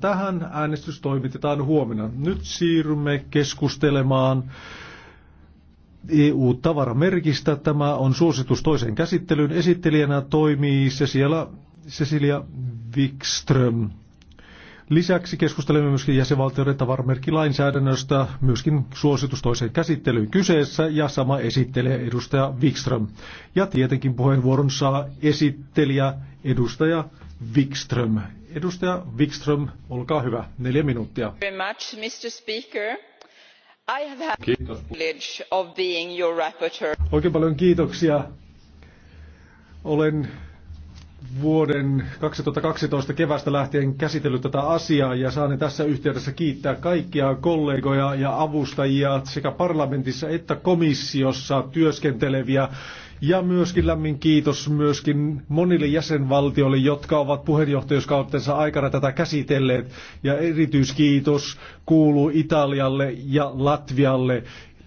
Tähän äänestys toimitetaan huomenna. Nyt siirrymme keskustelemaan EU-tavaramerkistä. Tämä on suositus toisen käsittelyyn. Esittelijänä toimii Cecilia, Cecilia Wikström. Lisäksi keskustelemme myöskin jäsenvaltioiden tavaramerkkilainsäädännöstä, myöskin suositus toiseen käsittelyyn kyseessä ja sama esittelee edustaja Wikström. Ja tietenkin puheenvuoron saa esittelijä edustaja Wikström. Edustaja Wikström, olkaa hyvä. Neljä minuuttia. Kiitos. Oikein paljon kiitoksia. Olen vuoden 2012 kevästä lähtien käsitellyt tätä asiaa ja saan tässä yhteydessä kiittää kaikkia kollegoja ja avustajia sekä parlamentissa että komissiossa työskenteleviä ja myöskin lämmin kiitos myöskin monille jäsenvaltioille, jotka ovat puheenjohtajuuskautensa aikana tätä käsitelleet. Ja erityiskiitos kuuluu Italialle ja Latvialle.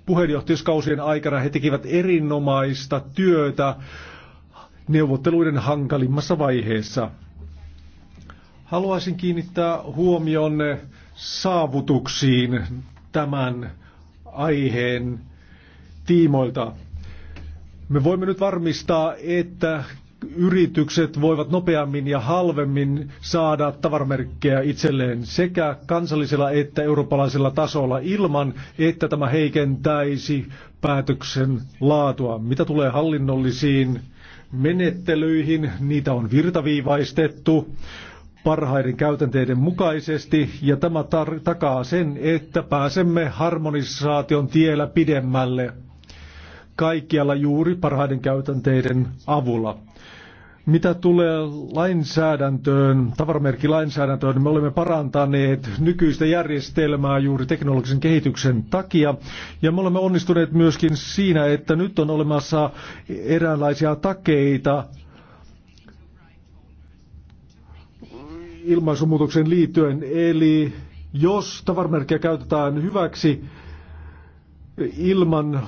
Puheenjohtajuuskausien aikana he tekivät erinomaista työtä neuvotteluiden hankalimmassa vaiheessa. Haluaisin kiinnittää huomion saavutuksiin tämän aiheen tiimoilta. Me voimme nyt varmistaa, että yritykset voivat nopeammin ja halvemmin saada tavaramerkkejä itselleen sekä kansallisella että eurooppalaisella tasolla ilman, että tämä heikentäisi päätöksen laatua. Mitä tulee hallinnollisiin menettelyihin, niitä on virtaviivaistettu parhaiden käytänteiden mukaisesti ja tämä takaa sen, että pääsemme harmonisaation tiellä pidemmälle kaikkialla juuri parhaiden käytänteiden avulla. Mitä tulee lainsäädäntöön, tavaramerkkilainsäädäntöön, me olemme parantaneet nykyistä järjestelmää juuri teknologisen kehityksen takia. Ja me olemme onnistuneet myöskin siinä, että nyt on olemassa eräänlaisia takeita ilmaisumuutoksen liittyen. Eli jos tavaramerkkiä käytetään hyväksi ilman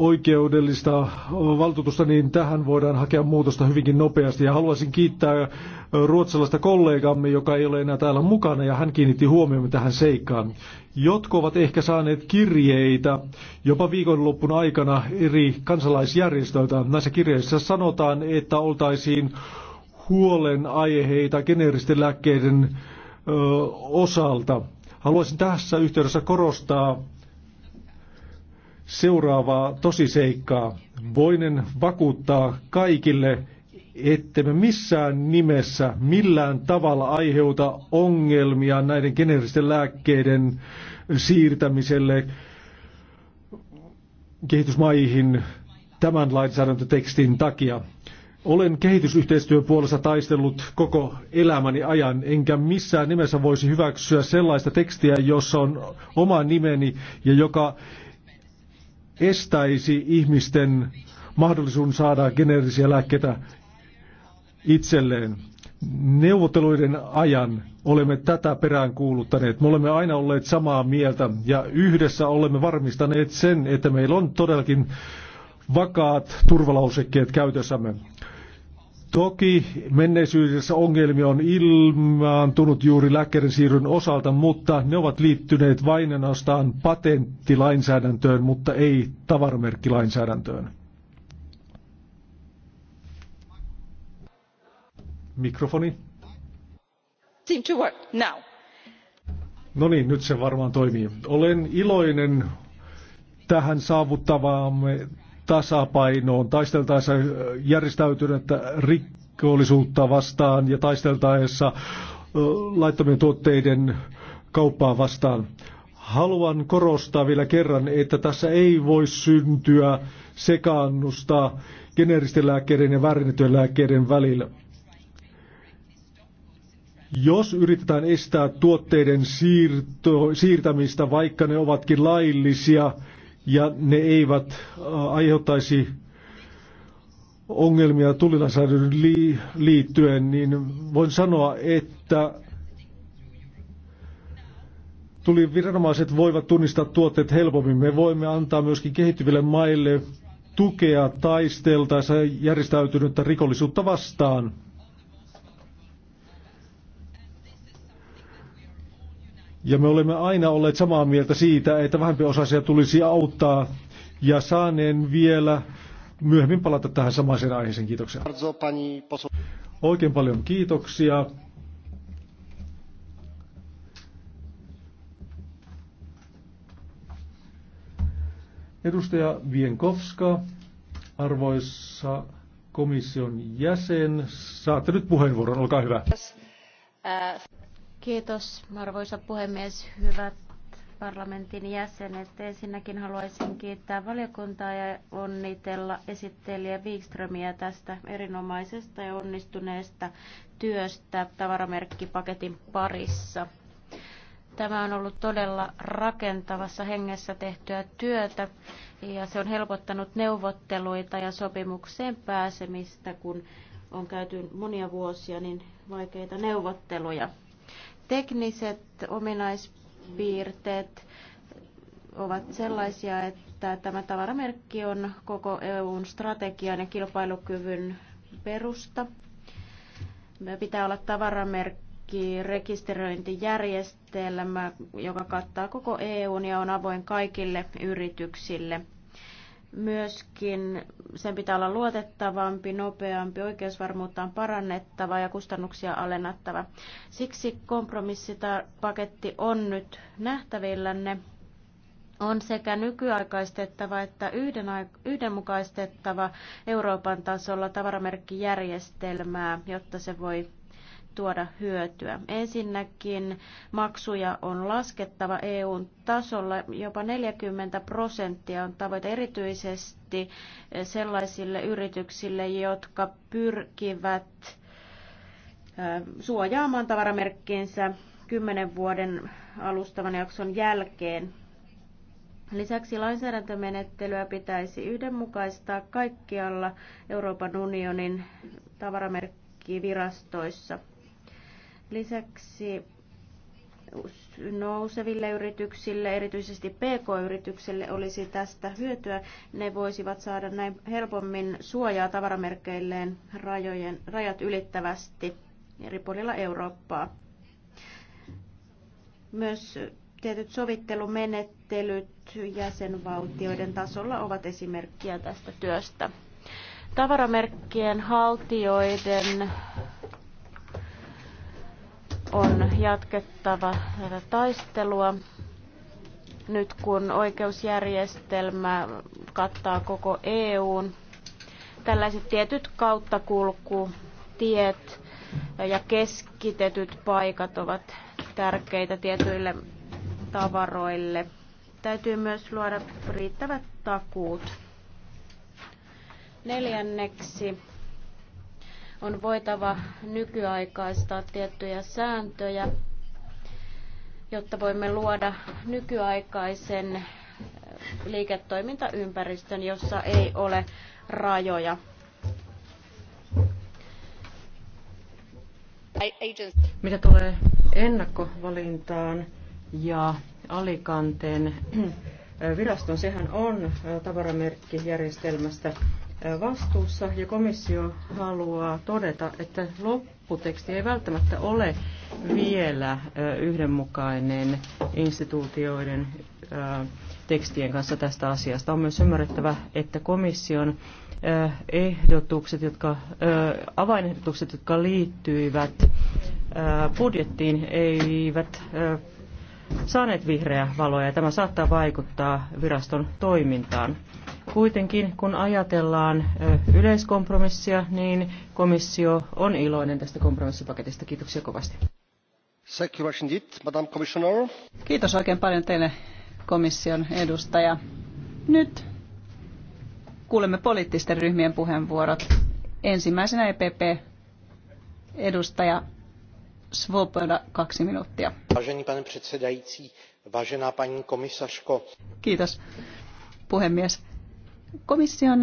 oikeudellista valtuutusta, niin tähän voidaan hakea muutosta hyvinkin nopeasti. Ja haluaisin kiittää ruotsalaista kollegamme, joka ei ole enää täällä mukana, ja hän kiinnitti huomioon tähän seikkaan. Jotkut ovat ehkä saaneet kirjeitä jopa viikonloppun aikana eri kansalaisjärjestöiltä. Näissä kirjeissä sanotaan, että oltaisiin huolenaiheita geneeristen lääkkeiden ö, osalta. Haluaisin tässä yhteydessä korostaa seuraavaa tosiseikkaa. Voinen vakuuttaa kaikille, että me missään nimessä millään tavalla aiheuta ongelmia näiden geneeristen lääkkeiden siirtämiselle kehitysmaihin tämän lainsäädäntötekstin takia. Olen kehitysyhteistyön puolesta taistellut koko elämäni ajan, enkä missään nimessä voisi hyväksyä sellaista tekstiä, jossa on oma nimeni ja joka estäisi ihmisten mahdollisuuden saada geneerisiä lääkkeitä itselleen. Neuvotteluiden ajan olemme tätä perään kuuluttaneet. Me olemme aina olleet samaa mieltä ja yhdessä olemme varmistaneet sen, että meillä on todellakin vakaat turvalausekkeet käytössämme. Toki menneisyydessä ongelmia on ilmaantunut juuri lääkkeiden siirryn osalta, mutta ne ovat liittyneet vain ainoastaan patenttilainsäädäntöön, mutta ei tavaramerkkilainsäädäntöön. Mikrofoni. Seem to work now. No niin, nyt se varmaan toimii. Olen iloinen tähän saavuttavaamme tasapainoon taisteltaessa järjestäytynyttä rikollisuutta vastaan ja taisteltaessa laittomien tuotteiden kauppaa vastaan. Haluan korostaa vielä kerran, että tässä ei voi syntyä sekaannusta geneeristen lääkkeiden ja väärinnettyjen lääkkeiden välillä. Jos yritetään estää tuotteiden siirto, siirtämistä, vaikka ne ovatkin laillisia, ja ne eivät aiheuttaisi ongelmia tulilainsäädännön liittyen, niin voin sanoa, että tuliviranomaiset voivat tunnistaa tuotteet helpommin. Me voimme antaa myöskin kehittyville maille tukea taisteltaessa järjestäytynyttä rikollisuutta vastaan. Ja me olemme aina olleet samaa mieltä siitä, että vähempiosaisia tulisi auttaa ja saaneen vielä myöhemmin palata tähän samaiseen aiheeseen. Kiitoksia. Oikein paljon kiitoksia. Edustaja Vienkovska, arvoisa komission jäsen, saatte nyt puheenvuoron, olkaa hyvä. Äh, Kiitos, arvoisa puhemies. Hyvät parlamentin jäsenet. Ensinnäkin haluaisin kiittää valiokuntaa ja onnitella esittelijä Wikströmiä tästä erinomaisesta ja onnistuneesta työstä tavaramerkkipaketin parissa. Tämä on ollut todella rakentavassa hengessä tehtyä työtä ja se on helpottanut neuvotteluita ja sopimukseen pääsemistä, kun on käyty monia vuosia niin vaikeita neuvotteluja. Tekniset ominaispiirteet ovat sellaisia, että tämä tavaramerkki on koko EUn strategian ja kilpailukyvyn perusta. Me pitää olla tavaramerkki rekisteröintijärjestelmä, joka kattaa koko EUn ja on avoin kaikille yrityksille. Myöskin sen pitää olla luotettavampi, nopeampi, oikeusvarmuutta on parannettava ja kustannuksia alennettava. Siksi kompromissipaketti on nyt nähtävillänne. On sekä nykyaikaistettava että yhdenmukaistettava Euroopan tasolla tavaramerkkijärjestelmää, jotta se voi tuoda hyötyä. Ensinnäkin maksuja on laskettava EUn tasolla. Jopa 40 prosenttia on tavoite erityisesti sellaisille yrityksille, jotka pyrkivät suojaamaan tavaramerkkinsä 10 vuoden alustavan jakson jälkeen. Lisäksi lainsäädäntömenettelyä pitäisi yhdenmukaistaa kaikkialla Euroopan unionin tavaramerkkivirastoissa. Lisäksi nouseville yrityksille, erityisesti PK-yrityksille, olisi tästä hyötyä. Ne voisivat saada näin helpommin suojaa tavaramerkkeilleen rajojen, rajat ylittävästi eri puolilla Eurooppaa. Myös tietyt sovittelumenettelyt jäsenvaltioiden tasolla ovat esimerkkiä tästä työstä. Tavaramerkkien haltijoiden on jatkettava tätä taistelua nyt kun oikeusjärjestelmä kattaa koko EUn. Tällaiset tietyt kauttakulkutiet ja keskitetyt paikat ovat tärkeitä tietyille tavaroille. Täytyy myös luoda riittävät takuut. Neljänneksi on voitava nykyaikaistaa tiettyjä sääntöjä, jotta voimme luoda nykyaikaisen eh, liiketoimintaympäristön, jossa ei ole rajoja. Mitä tulee ennakkovalintaan ja alikanteen eh, viraston, sehän on eh, tavaramerkkijärjestelmästä vastuussa ja komissio haluaa todeta, että lopputeksti ei välttämättä ole vielä yhdenmukainen instituutioiden tekstien kanssa tästä asiasta. On myös ymmärrettävä, että komission ehdotukset, jotka, avainehdotukset, jotka liittyivät budjettiin, eivät saaneet vihreää valoa ja tämä saattaa vaikuttaa viraston toimintaan. Kuitenkin kun ajatellaan yleiskompromissia, niin komissio on iloinen tästä kompromissipaketista. Kiitoksia kovasti. Kiitos oikein paljon teille komission edustaja. Nyt kuulemme poliittisten ryhmien puheenvuorot. Ensimmäisenä EPP edustaja Svoboda, kaksi minuuttia. Vážený pane předsedající, vážená paní komisařko. Kiitos puhemies. Komission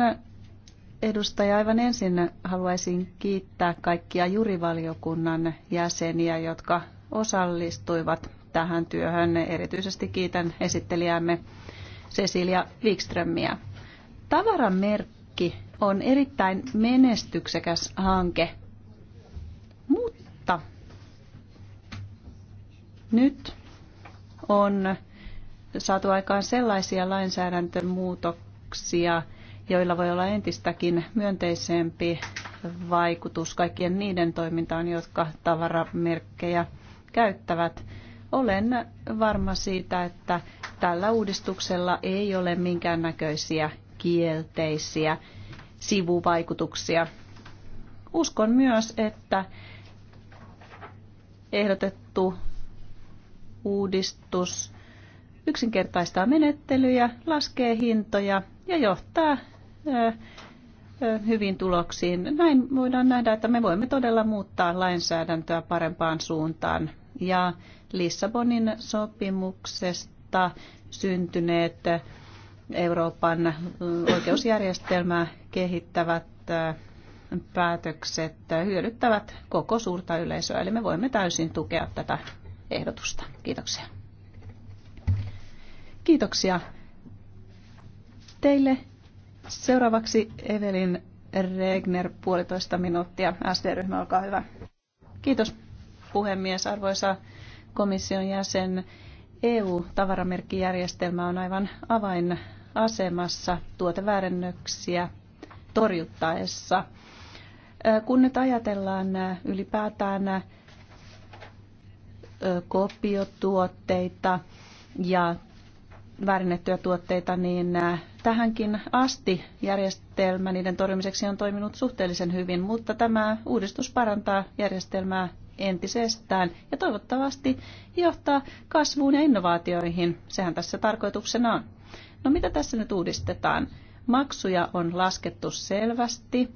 edustaja, aivan ensin haluaisin kiittää kaikkia jurivaliokunnan jäseniä, jotka osallistuivat tähän työhön. Erityisesti kiitän esittelijämme Cecilia Wikströmiä. Tavaramerkki on erittäin menestyksekäs hanke, mutta nyt on saatu aikaan sellaisia lainsäädäntömuutoksia, vaikutuksia, joilla voi olla entistäkin myönteisempi vaikutus kaikkien niiden toimintaan, jotka tavaramerkkejä käyttävät. Olen varma siitä, että tällä uudistuksella ei ole minkäännäköisiä kielteisiä sivuvaikutuksia. Uskon myös, että ehdotettu uudistus yksinkertaistaa menettelyjä, laskee hintoja ja johtaa hyvin tuloksiin. Näin voidaan nähdä, että me voimme todella muuttaa lainsäädäntöä parempaan suuntaan. Ja Lissabonin sopimuksesta syntyneet Euroopan oikeusjärjestelmää kehittävät päätökset hyödyttävät koko suurta yleisöä. Eli me voimme täysin tukea tätä ehdotusta. Kiitoksia. Kiitoksia teille. Seuraavaksi Evelin Regner, puolitoista minuuttia. SD-ryhmä, olkaa hyvä. Kiitos puhemies, arvoisa komission jäsen. EU-tavaramerkkijärjestelmä on aivan avainasemassa tuoteväärennöksiä torjuttaessa. Kun nyt ajatellaan ylipäätään kopiotuotteita ja väärinnettyjä tuotteita, niin äh, tähänkin asti järjestelmä niiden torjumiseksi on toiminut suhteellisen hyvin, mutta tämä uudistus parantaa järjestelmää entisestään ja toivottavasti johtaa kasvuun ja innovaatioihin. Sehän tässä tarkoituksena on. No mitä tässä nyt uudistetaan? Maksuja on laskettu selvästi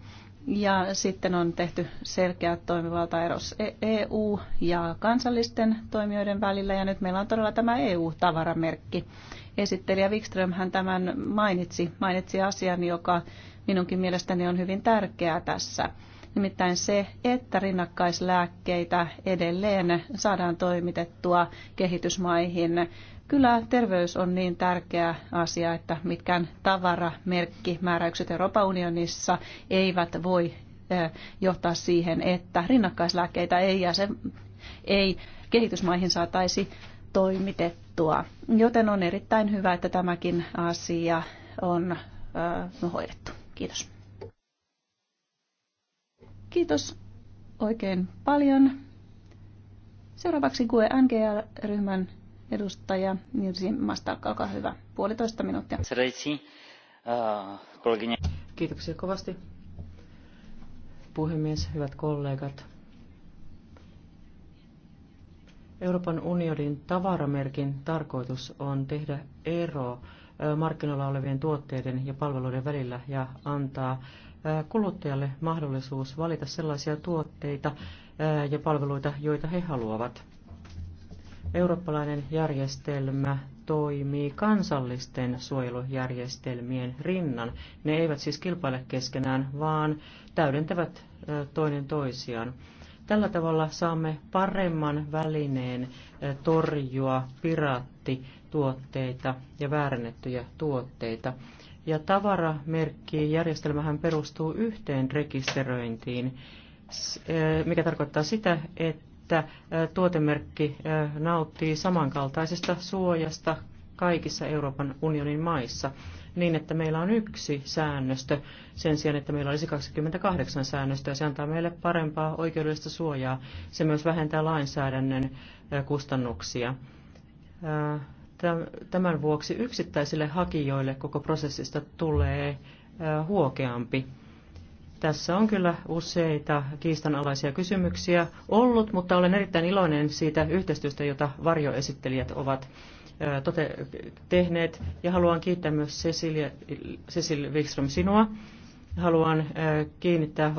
ja sitten on tehty selkeät toimivaltaeros EU- e ja kansallisten toimijoiden välillä. Ja nyt meillä on todella tämä EU-tavaramerkki. Esittelijä Wikström hän tämän mainitsi, mainitsi asian, joka minunkin mielestäni on hyvin tärkeää tässä. Nimittäin se, että rinnakkaislääkkeitä edelleen saadaan toimitettua kehitysmaihin Kyllä terveys on niin tärkeä asia, että mitkään tavaramerkkimääräykset Euroopan unionissa eivät voi johtaa siihen, että rinnakkaislääkkeitä ei, jäsen, ei kehitysmaihin saataisi toimitettua. Joten on erittäin hyvä, että tämäkin asia on no, hoidettu. Kiitos. Kiitos oikein paljon. Seuraavaksi QE NGL-ryhmän Edustaja Mirsi Mastalka, olkaa hyvä. Puolitoista minuuttia. Eh, Kiitoksia kovasti. Puhemies, hyvät kollegat. Euroopan unionin tavaramerkin tarkoitus on tehdä ero eh, markkinoilla olevien tuotteiden ja palveluiden välillä ja antaa eh, kuluttajalle mahdollisuus valita sellaisia tuotteita ja palveluita, joita he haluavat. Eurooppalainen järjestelmä toimii kansallisten suojelujärjestelmien rinnan. Ne eivät siis kilpaile keskenään, vaan täydentävät toinen toisiaan. Tällä tavalla saamme paremman välineen torjua piraattituotteita ja väärennettyjä tuotteita. Ja järjestelmähän perustuu yhteen rekisteröintiin, mikä tarkoittaa sitä, että että tuotemerkki nauttii samankaltaisesta suojasta kaikissa Euroopan unionin maissa, niin että meillä on yksi säännöstö sen sijaan, että meillä olisi 28 säännöstöä. Se antaa meille parempaa oikeudellista suojaa. Se myös vähentää lainsäädännön kustannuksia. Tämän vuoksi yksittäisille hakijoille koko prosessista tulee huokeampi tässä on kyllä useita kiistanalaisia kysymyksiä ollut, mutta olen erittäin iloinen siitä yhteistyöstä, jota varjoesittelijät ovat tote- tehneet. Ja haluan kiittää myös Cecilia, Cecil Wikström sinua. Haluan kiinnittää,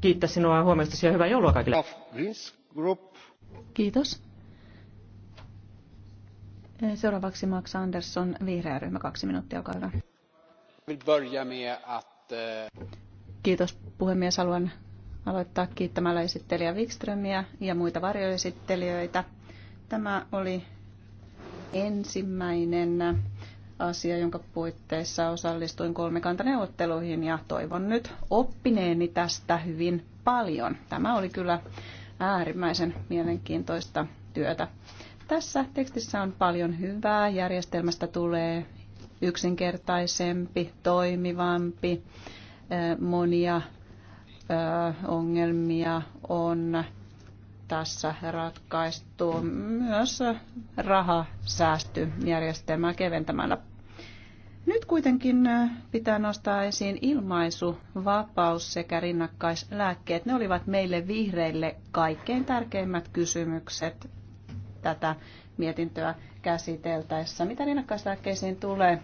kiittää sinua huomiosta ja hyvää joulua kaikille. Kiitos. Seuraavaksi Max Andersson, vihreä ryhmä, kaksi minuuttia, olkaa hyvä. Kiitos puhemies. Haluan aloittaa kiittämällä esittelijä Wikströmiä ja muita varjoesittelijöitä. Tämä oli ensimmäinen asia, jonka puitteissa osallistuin kolmikantaneuvotteluihin ja toivon nyt oppineeni tästä hyvin paljon. Tämä oli kyllä äärimmäisen mielenkiintoista työtä. Tässä tekstissä on paljon hyvää. Järjestelmästä tulee yksinkertaisempi, toimivampi monia ongelmia on tässä ratkaistu myös rahasäästöjärjestelmää keventämällä. Nyt kuitenkin pitää nostaa esiin ilmaisu, vapaus sekä rinnakkaislääkkeet. Ne olivat meille vihreille kaikkein tärkeimmät kysymykset tätä mietintöä käsiteltäessä. Mitä rinnakkaislääkkeisiin tulee,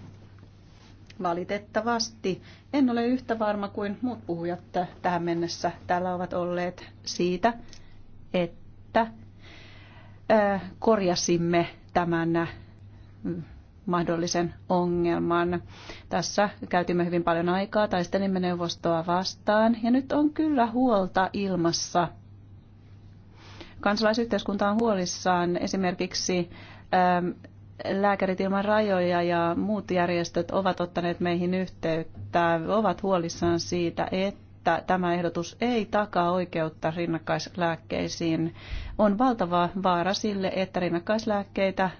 Valitettavasti en ole yhtä varma kuin muut puhujat tähän mennessä täällä ovat olleet siitä, että korjasimme tämän mahdollisen ongelman. Tässä käytimme hyvin paljon aikaa, taistelimme neuvostoa vastaan ja nyt on kyllä huolta ilmassa. Kansalaisyhteiskunta on huolissaan esimerkiksi Lääkärit ilman rajoja ja muut järjestöt ovat ottaneet meihin yhteyttä, ovat huolissaan siitä, että tämä ehdotus ei takaa oikeutta rinnakkaislääkkeisiin. On valtava vaara sille, että rinnakkaislääkkeitä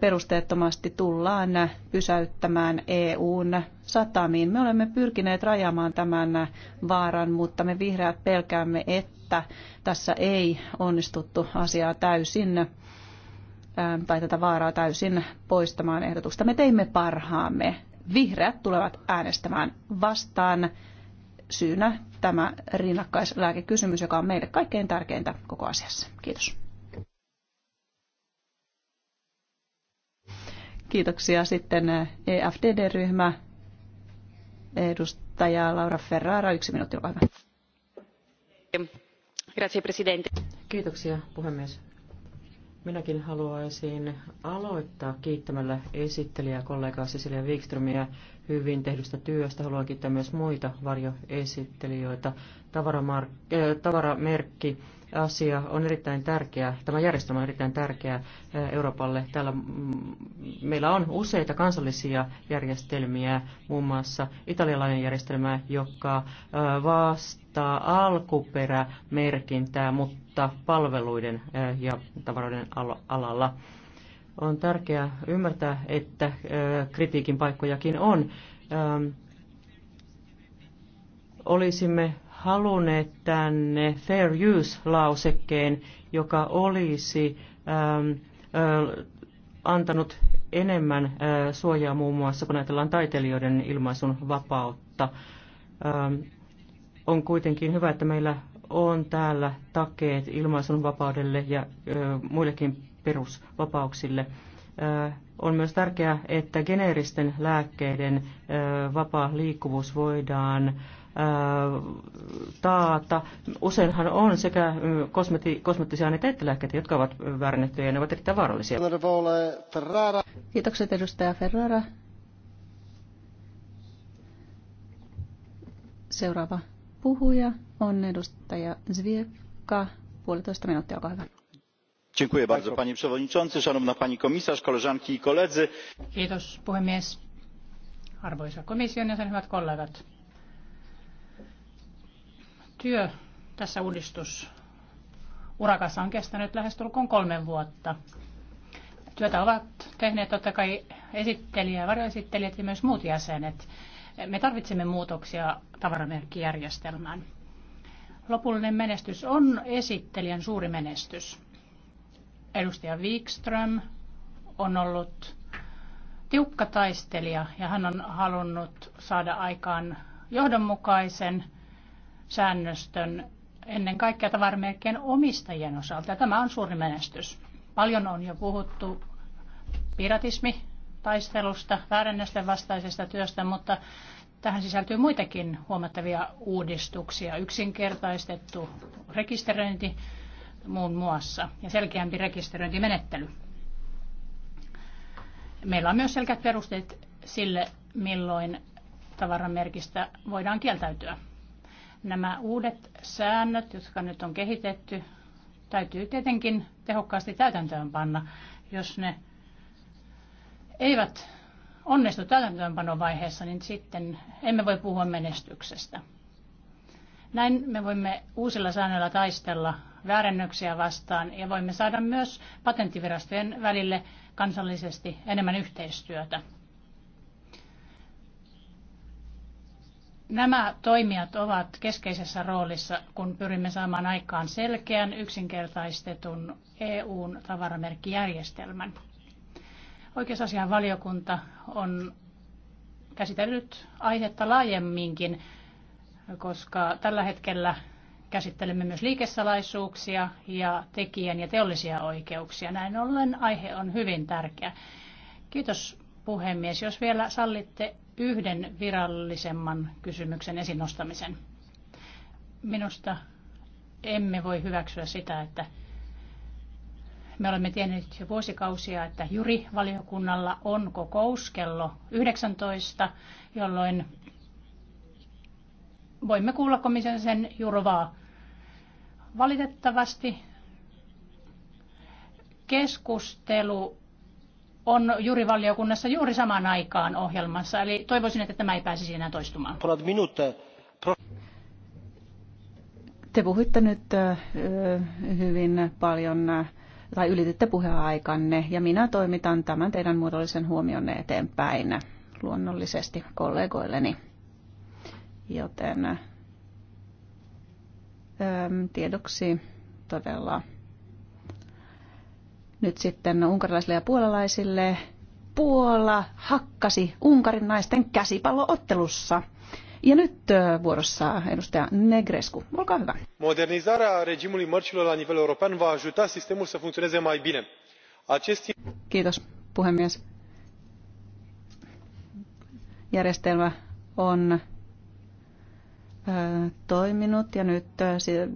perusteettomasti tullaan pysäyttämään EUn satamiin. Me olemme pyrkineet rajaamaan tämän vaaran, mutta me vihreät pelkäämme, että tässä ei onnistuttu asiaa täysin Ähm, tai tätä vaaraa täysin poistamaan ehdotusta. Me teimme parhaamme. Vihreät tulevat äänestämään vastaan syynä tämä rinnakkaislääkekysymys, joka on meille kaikkein tärkeintä koko asiassa. Kiitos. Kiitoksia sitten äh, EFDD-ryhmä. Edustaja Laura Ferrara, yksi minuutti, olkaa hyvä. Kiitoksia puhemies Minäkin haluaisin aloittaa kiittämällä esittelijää kollegaa Cecilia Wikströmiä hyvin tehdystä työstä. Haluan kiittää myös muita varjoesittelijöitä. Tavaramark- äh, tavaramerkki asia on erittäin tärkeä, tämä järjestelmä on erittäin tärkeä eh, Euroopalle. Täällä mm, meillä on useita kansallisia järjestelmiä, muun muassa italialainen järjestelmä, joka eh, vastaa alkuperämerkintää, mutta palveluiden eh, ja tavaroiden alalla. On tärkeää ymmärtää, että kritiikin paikkojakin on ehm, olisimme halunneet tänne fair use-lausekkeen, joka olisi ähm, äh, antanut enemmän äh, suojaa muun muassa, kun ajatellaan taiteilijoiden ilmaisun vapautta. Ähm, on kuitenkin hyvä, että meillä on täällä takeet ilmaisun vapaudelle ja äh, muillekin perusvapauksille. Äh, on myös tärkeää, että geneeristen lääkkeiden äh, vapaa liikkuvuus voidaan taata. Useinhan on sekä kosmeti, kosmettisia aineita että lääkkeitä, jotka ovat väärennettyjä ja ne ovat erittäin vaarallisia. Kiitokset edustaja Ferrara. Seuraava puhuja on edustaja Zwiewka. Puolitoista minuuttia, olkaa hyvä. Dziękuję bardzo, panie przewodniczący, szanowna pani komisarz, koleżanki i koledzy. Kiitos, puhemies. Arvoisa komission ja sen hyvät kollegat. Työ tässä uudistus urakassa on kestänyt lähestulkoon kolme vuotta. Työtä ovat tehneet totta kai esittelijä, varjoesittelijät ja myös muut jäsenet. Me tarvitsemme muutoksia tavaramerkkijärjestelmään. Lopullinen menestys on esittelijän suuri menestys. Edustaja Wikström on ollut tiukka taistelija ja hän on halunnut saada aikaan johdonmukaisen – säännöstön ennen kaikkea tavaramerkkien omistajien osalta. Ja tämä on suuri menestys. Paljon on jo puhuttu piratismi taistelusta, väärennösten vastaisesta työstä, mutta tähän sisältyy muitakin huomattavia uudistuksia. Yksinkertaistettu rekisteröinti muun muassa ja selkeämpi rekisteröintimenettely. Meillä on myös selkeät perusteet sille, milloin tavaramerkistä voidaan kieltäytyä. Nämä uudet säännöt, jotka nyt on kehitetty, täytyy tietenkin tehokkaasti täytäntöön panna, jos ne eivät onnistu täytäntöönpanovaiheessa, niin sitten emme voi puhua menestyksestä. Näin me voimme uusilla säännöillä taistella väärennöksiä vastaan ja voimme saada myös patenttivirastojen välille kansallisesti enemmän yhteistyötä. Nämä toimijat ovat keskeisessä roolissa, kun pyrimme saamaan aikaan selkeän, yksinkertaistetun EUn tavaramerkkijärjestelmän. Oikeusasian valiokunta on käsitellyt aihetta laajemminkin, koska tällä hetkellä käsittelemme myös liikesalaisuuksia ja tekijän ja teollisia oikeuksia. Näin ollen aihe on hyvin tärkeä. Kiitos puhemies. Jos vielä sallitte, yhden virallisemman kysymyksen esiin nostamisen. Minusta emme voi hyväksyä sitä, että me olemme tienneet jo vuosikausia, että jurivaliokunnalla on kokous kello 19, jolloin voimme kuulla komission sen jurvaa. Valitettavasti keskustelu on jurivaliokunnassa juuri samaan aikaan ohjelmassa, eli toivoisin, että tämä ei pääsisi enää toistumaan. Te puhuitte nyt hyvin paljon tai ylititte puheaikanne ja minä toimitan tämän teidän muodollisen huomionne eteenpäin luonnollisesti kollegoilleni. Joten tiedoksi todella nyt sitten unkarilaisille ja puolalaisille. Puola hakkasi Unkarin naisten käsipalloottelussa. Ja nyt vuorossa edustaja Negrescu. Olkaa hyvä. Modernizarea regimului mărcilor la nivel european va ajuta sistemul să funcționeze mai bine. Acest... Kiitos, puhemies. Järjestelmä on toiminut ja nyt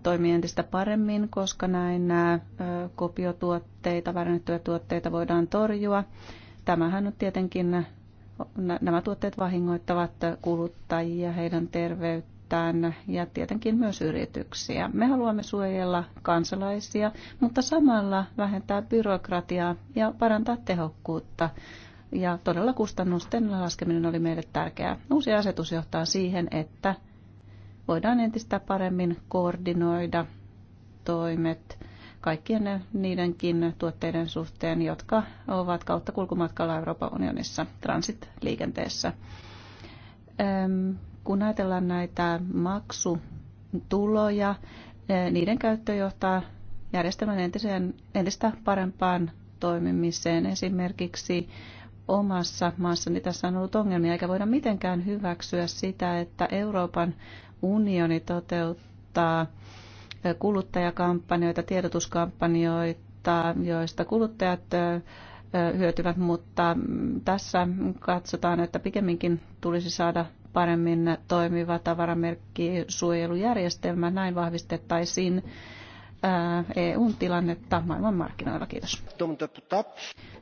toimii entistä paremmin, koska näin nämä kopiotuotteita, värännettyjä tuotteita voidaan torjua. Tämähän on tietenkin, nämä tuotteet vahingoittavat kuluttajia, heidän terveyttään ja tietenkin myös yrityksiä. Me haluamme suojella kansalaisia, mutta samalla vähentää byrokratiaa ja parantaa tehokkuutta ja todella kustannusten laskeminen oli meille tärkeää. Uusi asetus johtaa siihen, että voidaan entistä paremmin koordinoida toimet kaikkien niidenkin tuotteiden suhteen, jotka ovat kautta kulkumatkalla Euroopan unionissa transitliikenteessä. Kun ajatellaan näitä maksutuloja, niiden käyttö johtaa järjestelmän entiseen, entistä parempaan toimimiseen. Esimerkiksi omassa maassani tässä on ollut ongelmia, eikä voida mitenkään hyväksyä sitä, että Euroopan unioni toteuttaa kuluttajakampanjoita, tiedotuskampanjoita, joista kuluttajat hyötyvät, mutta mm, tässä katsotaan, että pikemminkin tulisi saada paremmin toimiva tavaramerkkisuojelujärjestelmä. Näin vahvistettaisiin EUn tilannetta maailmanmarkkinoilla. Kiitos.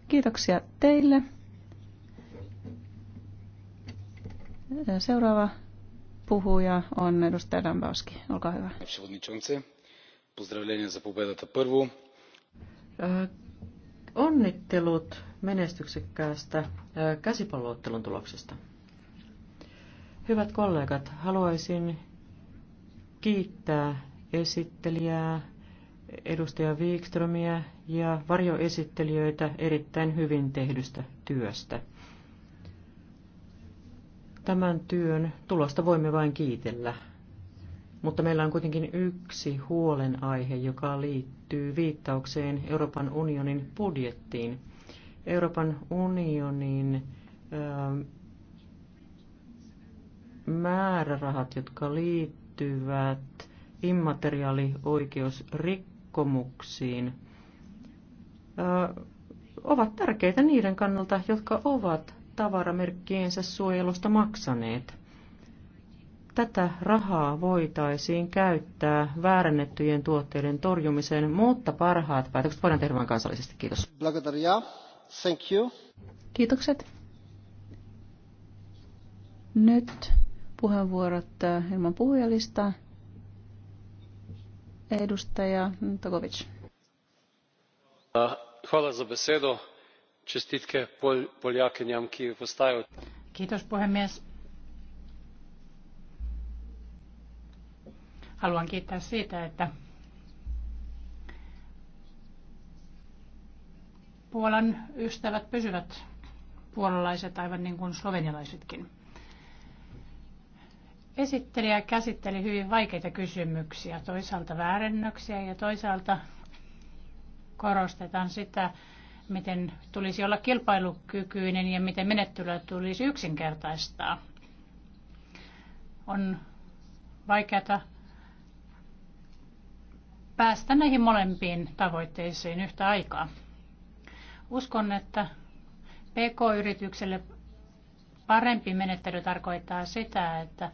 Kiitoksia teille. Seuraava puhuja on edustaja Dambauski. Olkaa hyvä. Onnittelut menestyksekkäästä käsipalloottelun tuloksesta. Hyvät kollegat, haluaisin kiittää esittelijää, edustaja Wikströmiä ja varjoesittelijöitä erittäin hyvin tehdystä työstä. Tämän työn tulosta voimme vain kiitellä. Mutta meillä on kuitenkin yksi huolenaihe, joka liittyy viittaukseen Euroopan unionin budjettiin. Euroopan unionin ähm, määrärahat, jotka liittyvät immateriaalioikeusrikkomuksiin, äh, ovat tärkeitä niiden kannalta, jotka ovat tavaramerkkiensä suojelusta maksaneet. Tätä rahaa voitaisiin käyttää väärännettyjen tuotteiden torjumiseen, mutta parhaat päätökset voidaan tehdä vain kansallisesti. Kiitos. Thank you. Kiitokset. Nyt puheenvuorot äh, ilman puhujalista. Edustaja Tokovic. Hvala za besedo Čestitke poljakinjam, ki Kiitos Haluan kiittää siitä, että Puolan ystävät pysyvät puolalaiset aivan niin kuin slovenialaisetkin. Esittelijä käsitteli hyvin vaikeita kysymyksiä, toisaalta väärennöksiä ja toisaalta korostetaan sitä, miten tulisi olla kilpailukykyinen ja miten menettelyä tulisi yksinkertaistaa. On vaikeata päästä näihin molempiin tavoitteisiin yhtä aikaa. Uskon, että PK-yritykselle parempi menettely tarkoittaa sitä, että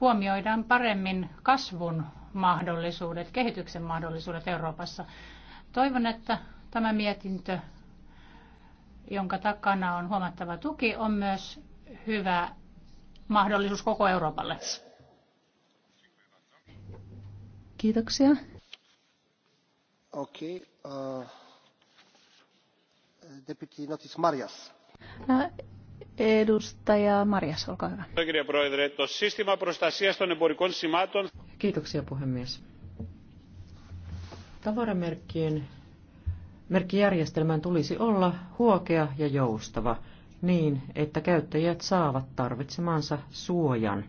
huomioidaan paremmin kasvun mahdollisuudet, kehityksen mahdollisuudet Euroopassa. Toivon, että Tämä mietintö, jonka takana on huomattava tuki, on myös hyvä mahdollisuus koko Euroopalle. Kiitoksia. Okei. Okay, uh, äh, deputy Notis Marias. Uh, Edustaja Marias, olkaa hyvä. Kiitoksia puhemies. Tavaramerkkien Merkkijärjestelmän tulisi olla huokea ja joustava niin, että käyttäjät saavat tarvitsemansa suojan.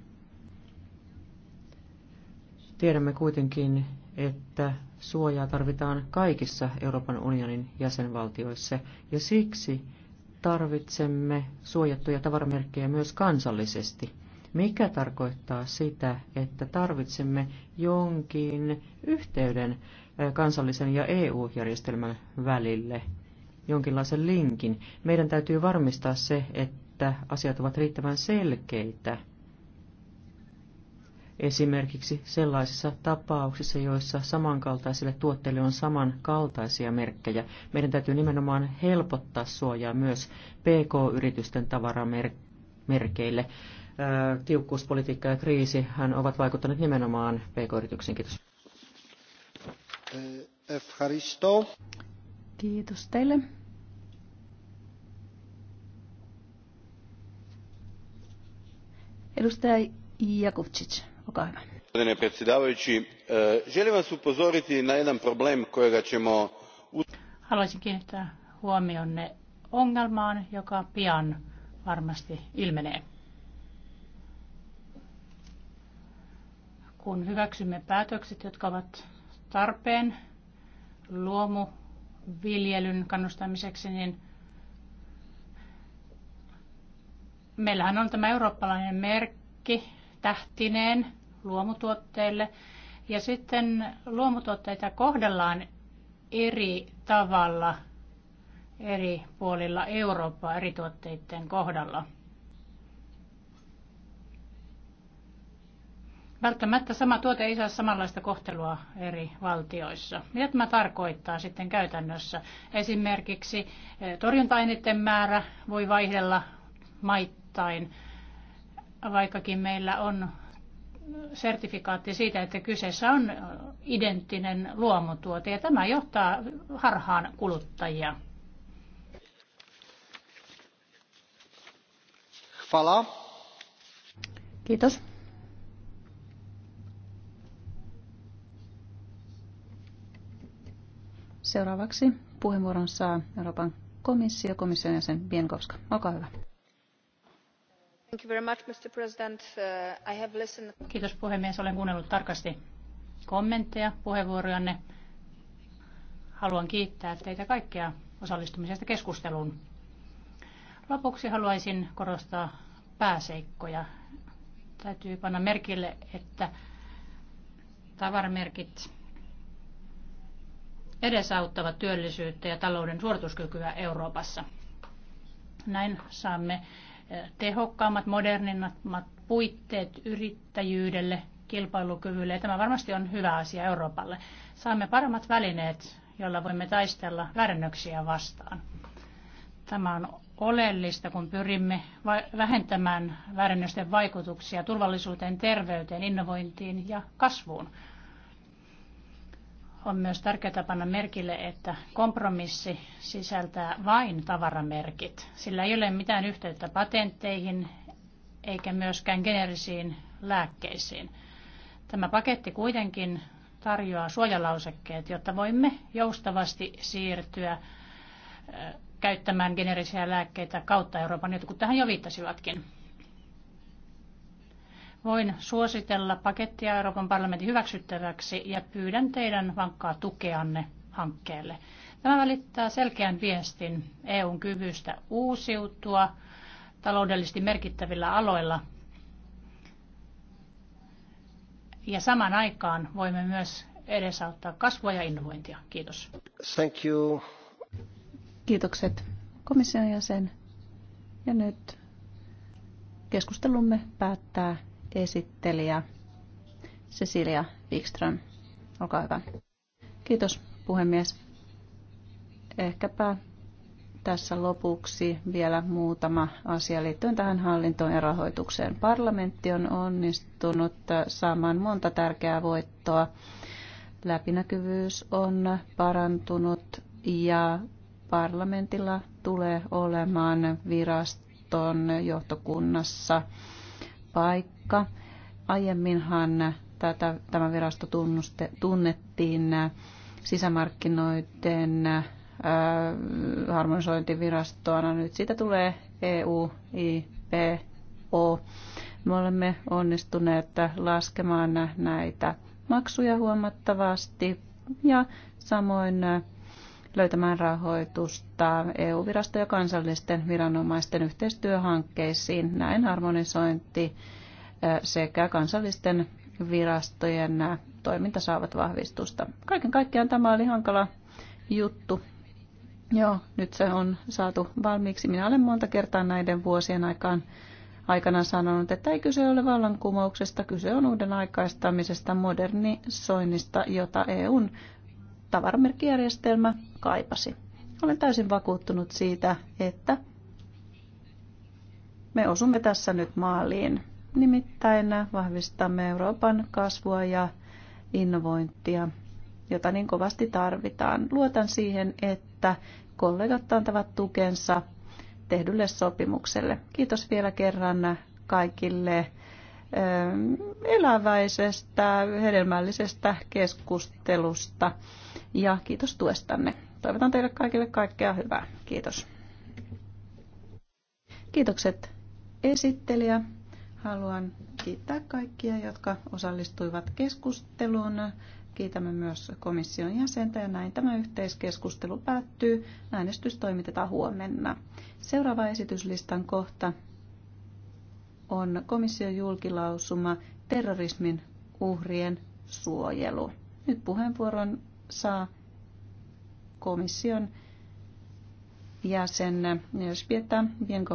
Tiedämme kuitenkin, että suojaa tarvitaan kaikissa Euroopan unionin jäsenvaltioissa ja siksi tarvitsemme suojattuja tavaramerkkejä myös kansallisesti, mikä tarkoittaa sitä, että tarvitsemme jonkin yhteyden kansallisen ja EU-järjestelmän välille jonkinlaisen linkin. Meidän täytyy varmistaa se, että asiat ovat riittävän selkeitä. Esimerkiksi sellaisissa tapauksissa, joissa samankaltaisille tuotteille on samankaltaisia merkkejä, meidän täytyy nimenomaan helpottaa suojaa myös PK-yritysten tavaramerkeille. Tiukkuuspolitiikka ja kriisi ovat vaikuttaneet nimenomaan PK-yrityksiin. Kiitos. Efharisto. Kiitos teille. Edustaja Jakovčić, olkaa hyvä. Gospodine predsjedavajući, e, želim vas upozoriti na jedan problem kojega ćemo... Haluaisin kiinnittää huomionne ongelmaan, joka pian varmasti ilmenee. Kun hyväksymme päätökset, jotka ovat tarpeen luomuviljelyn kannustamiseksi, niin meillähän on tämä eurooppalainen merkki tähtineen luomutuotteille. Ja sitten luomutuotteita kohdellaan eri tavalla eri puolilla Eurooppaa eri tuotteiden kohdalla. välttämättä sama tuote ei saa samanlaista kohtelua eri valtioissa. Mitä tämä tarkoittaa sitten käytännössä? Esimerkiksi eh, torjunta-aineiden määrä voi vaihdella maittain, vaikkakin meillä on sertifikaatti siitä, että kyseessä on eh, identtinen luomutuote, ja tämä johtaa harhaan kuluttajia. Fala. Kiitos. Seuraavaksi puheenvuoron saa Euroopan komissio, komission jäsen Bienkowska. Olkaa hyvä. Uh, Kiitos puhemies. Olen kuunnellut tarkasti kommentteja, puheenvuorojanne. Haluan kiittää teitä kaikkia osallistumisesta keskusteluun. Lopuksi haluaisin korostaa pääseikkoja. Täytyy panna merkille, että tavaramerkit edesauttavat työllisyyttä ja talouden suorituskykyä Euroopassa. Näin saamme eh, tehokkaammat, modernimmat puitteet yrittäjyydelle, kilpailukyvylle. Ja tämä varmasti on hyvä asia Euroopalle. Saamme paremmat välineet, joilla voimme taistella väärennöksiä vastaan. Tämä on oleellista, kun pyrimme vähentämään väärennösten vaikutuksia turvallisuuteen, terveyteen, innovointiin ja kasvuun. On myös tärkeää panna merkille, että kompromissi sisältää vain tavaramerkit. Sillä ei ole mitään yhteyttä patentteihin eikä myöskään generisiin lääkkeisiin. Tämä paketti kuitenkin tarjoaa suojalausekkeet, jotta voimme joustavasti siirtyä käyttämään generisiä lääkkeitä kautta Euroopan, jotkut tähän jo viittasivatkin. Voin suositella pakettia Euroopan parlamentin hyväksyttäväksi ja pyydän teidän vankkaa tukeanne hankkeelle. Tämä välittää selkeän viestin EUn kyvystä uusiutua taloudellisesti merkittävillä aloilla. Ja saman aikaan voimme myös edesauttaa kasvua ja innovointia. Kiitos. Thank you. Kiitokset komission jäsen. Ja nyt keskustelumme päättää esittelijä Cecilia Wikström. Olkaa hyvä. Kiitos puhemies. Ehkäpä tässä lopuksi vielä muutama asia liittyen tähän hallintoon ja rahoitukseen. Parlamentti on onnistunut saamaan monta tärkeää voittoa. Läpinäkyvyys on parantunut ja parlamentilla tulee olemaan viraston johtokunnassa paikka. Aiemminhan tätä, tämä virasto tunnuste, tunnettiin sisämarkkinoiden harmonisointivirastoana. Nyt siitä tulee EU-IPO. Me olemme onnistuneet laskemaan näitä maksuja huomattavasti ja samoin löytämään rahoitusta EU-virasto- ja kansallisten viranomaisten yhteistyöhankkeisiin. Näin harmonisointi sekä kansallisten virastojen toiminta saavat vahvistusta. Kaiken kaikkiaan tämä oli hankala juttu. Joo, nyt se on saatu valmiiksi. Minä olen monta kertaa näiden vuosien aikaan aikana sanonut, että ei kyse ole vallankumouksesta, kyse on uuden aikaistamisesta, modernisoinnista, jota EUn tavaramerkkijärjestelmä kaipasi. Olen täysin vakuuttunut siitä, että me osumme tässä nyt maaliin. Nimittäin vahvistamme Euroopan kasvua ja innovointia, jota niin kovasti tarvitaan. Luotan siihen, että kollegat antavat tukensa tehdylle sopimukselle. Kiitos vielä kerran kaikille ähm, eläväisestä, hedelmällisestä keskustelusta ja kiitos tuestanne. Toivotan teille kaikille kaikkea hyvää. Kiitos. Kiitokset esittelijä. Haluan kiittää kaikkia, jotka osallistuivat keskusteluun. Kiitämme myös komission jäsentä ja näin tämä yhteiskeskustelu päättyy. Äänestys toimitetaan huomenna. Seuraava esityslistan kohta on komission julkilausuma terrorismin uhrien suojelu. Nyt puheenvuoron saa komission jäsen Elžbieta Bienko